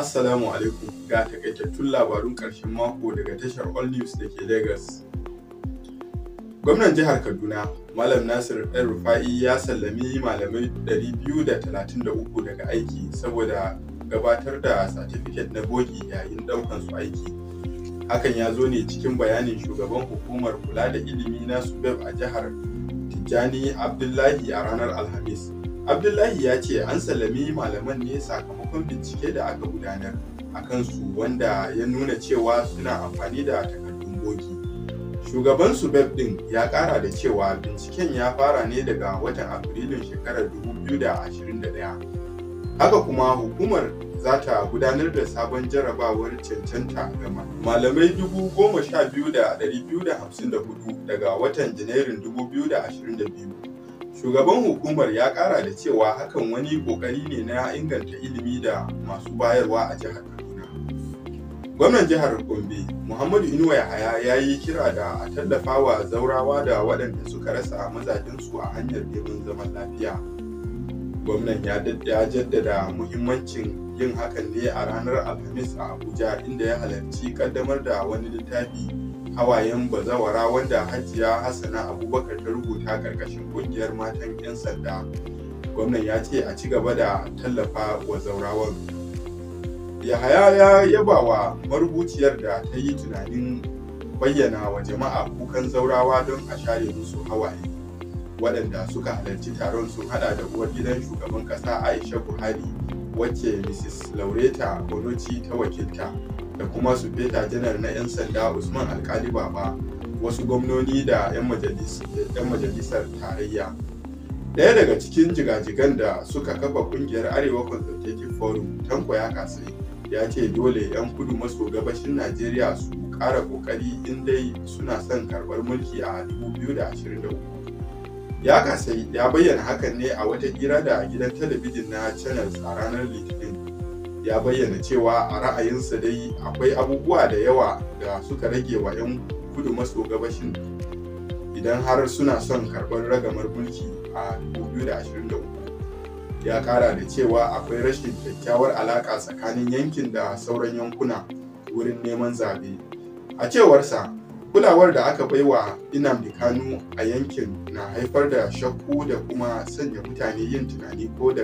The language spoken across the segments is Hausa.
Assalamu alaikum ga takaitattun labarun ƙarshen mako daga tashar All News da ke Lagos. Gwamnan jihar Kaduna, Malam Nasir El Rufa'i ya sallami malamai 233 daga aiki saboda gabatar da satifiket na bogi yayin ɗaukan su aiki. Hakan ya zo ne cikin bayanin shugaban hukumar kula da ilimi na Subeb a jihar Tijjani Abdullahi a ranar Alhamis. Abdullahi ya ce an sallami malaman ne sakamakon sakamakon bincike da aka gudanar a kansu wanda ya nuna cewa suna amfani da takardun bogi shugaban su din ya ƙara da cewa binciken ya fara ne daga watan afrilun shekarar 2021 haka kuma hukumar za ta gudanar da sabon jarabawar cancanta ga malamai 12,254 daga watan janairun 2022 Shugaban hukumar ya ƙara da cewa hakan wani ƙoƙari ne na inganta ilimi da masu bayarwa a jihar Kaduna. Gwamnan jihar Gombe, Muhammadu Inuwa Yahaya ya yi kira da a tallafa wa zaurawa da waɗanda suka rasa mazajensu a hanyar neman zaman lafiya. Gwamnan ya jaddada muhimmancin yin hakan ne a ranar Alhamis a Abuja inda ya halarci ƙaddamar da wani littafi hawayen bazawara wadda hajiya hassana abubakar ta rubuta karkashin kungiyar matan 'yan sanda gwamnan ya ce a ci gaba da tallafa wa Zaurawar. yahaya ya yaba wa marubuciyar da ta yi tunanin bayyana wa jama'a kukan zaurawa don a share musu hawaye waɗanda suka halarci taron sun hada da uwar gidan shugaban ƙasa aisha buhari wacce mrs laureta onoci ta wakilta da kuma su beta janar na 'yan sanda usman alkali baba wasu gwamnoni da 'yan majalisar tarayya daya daga cikin jigajigan da suka kafa kungiyar arewa consultative forum tanko ya kasai ya ce dole 'yan kudu maso gabashin najeriya su kara ƙoƙari in dai suna son karbar mulki a 2023 ya kasai ya bayyana hakan ne a wata hira da gidan talabijin na channels a ranar litinin ya bayyana cewa a ra'ayinsa dai akwai abubuwa da yawa da suka rage wa 'yan kudu maso gabashin idan har suna son karɓar ragamar mulki a 2023 ya ƙara da cewa akwai rashin kyakkyawar alaƙa tsakanin yankin da sauran yankuna wurin neman zaɓe a cewarsa kulawar da aka baiwa inamdi kanu a yankin na haifar da shakku da kuma sanya mutane yin tunani ko da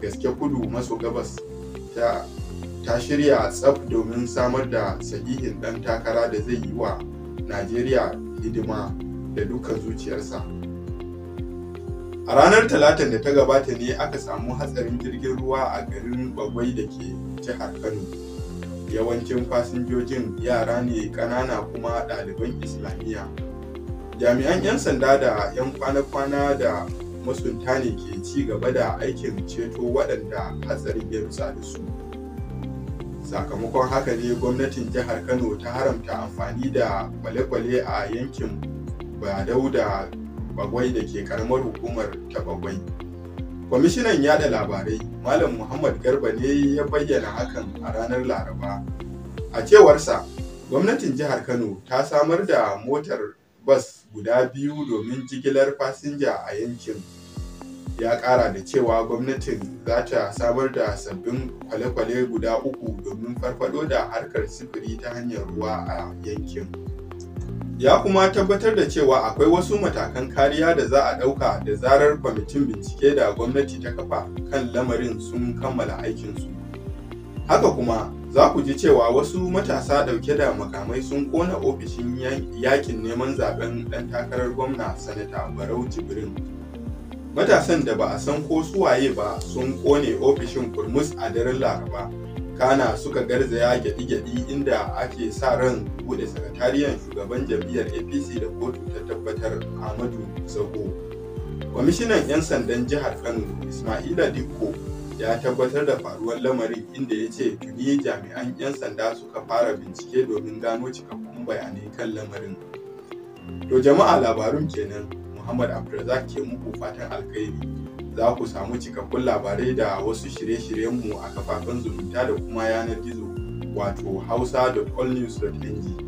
gaske kudu maso gabas ta ta shirya tsaf domin samar da sahihin ɗan takara da zai yi wa najeriya hidima da duka zuciyarsa a ranar talatin da ta gabata ne aka samu hatsarin jirgin ruwa a garin bagwai da ke jihar kano yawancin fasinjojin yara ne ƙanana kuma ɗaliban islamiyya jami'an 'yan sanda da 'yan kwana-kwana da masunta ne ke ci gaba da aikin ceto waɗanda hatsarin ya rusa da su sakamakon haka ne gwamnatin jihar kano ta haramta amfani da kwale-kwale a yankin badau da bagwai da ke karamar hukumar ta bagwai kwamishinan yada labarai malam muhammad garba ne ya bayyana hakan a ranar laraba a cewarsa gwamnatin jihar kano ta samar da motar bas guda biyu domin jigilar fasinja a yankin ya kara da cewa gwamnatin za ta samar da sabbin kwale-kwale guda uku domin farfado da harkar sifiri ta hanyar ruwa a yankin ya kuma tabbatar da cewa akwai wasu matakan kariya da za a ɗauka da zarar kwamitin bincike da gwamnati ta kafa kan lamarin sun kammala aikinsu haka kuma za ku ji cewa wasu matasa ɗauke da makamai sun kona ofishin yakin neman zaben ɗan takarar gwamna sanata barau jibrin matasan da ba a san ko suwaye ba sun kone ofishin kurmus a daren laraba kana suka garzaya gyaɗi-gyaɗi inda ake sa ran buɗe sakatariyar shugaban jam'iyyar apc da kotu ta tabbatar ahmadu zago kwamishinan 'yan sandan jihar kano ismaila dikko ya tabbatar da faruwar lamarin inda ya ce tuni jami'an 'yan sanda suka fara bincike domin gano cikakkun bayanai kan lamarin to jama'a labarun kenan Muhammad Abdulrazak ke muku fatan alkhairi. Za ku samu cikakkun labarai da wasu shirye-shiryenmu a kafafen zumunta da kuma yanar gizo wato hausa.allnews.ng.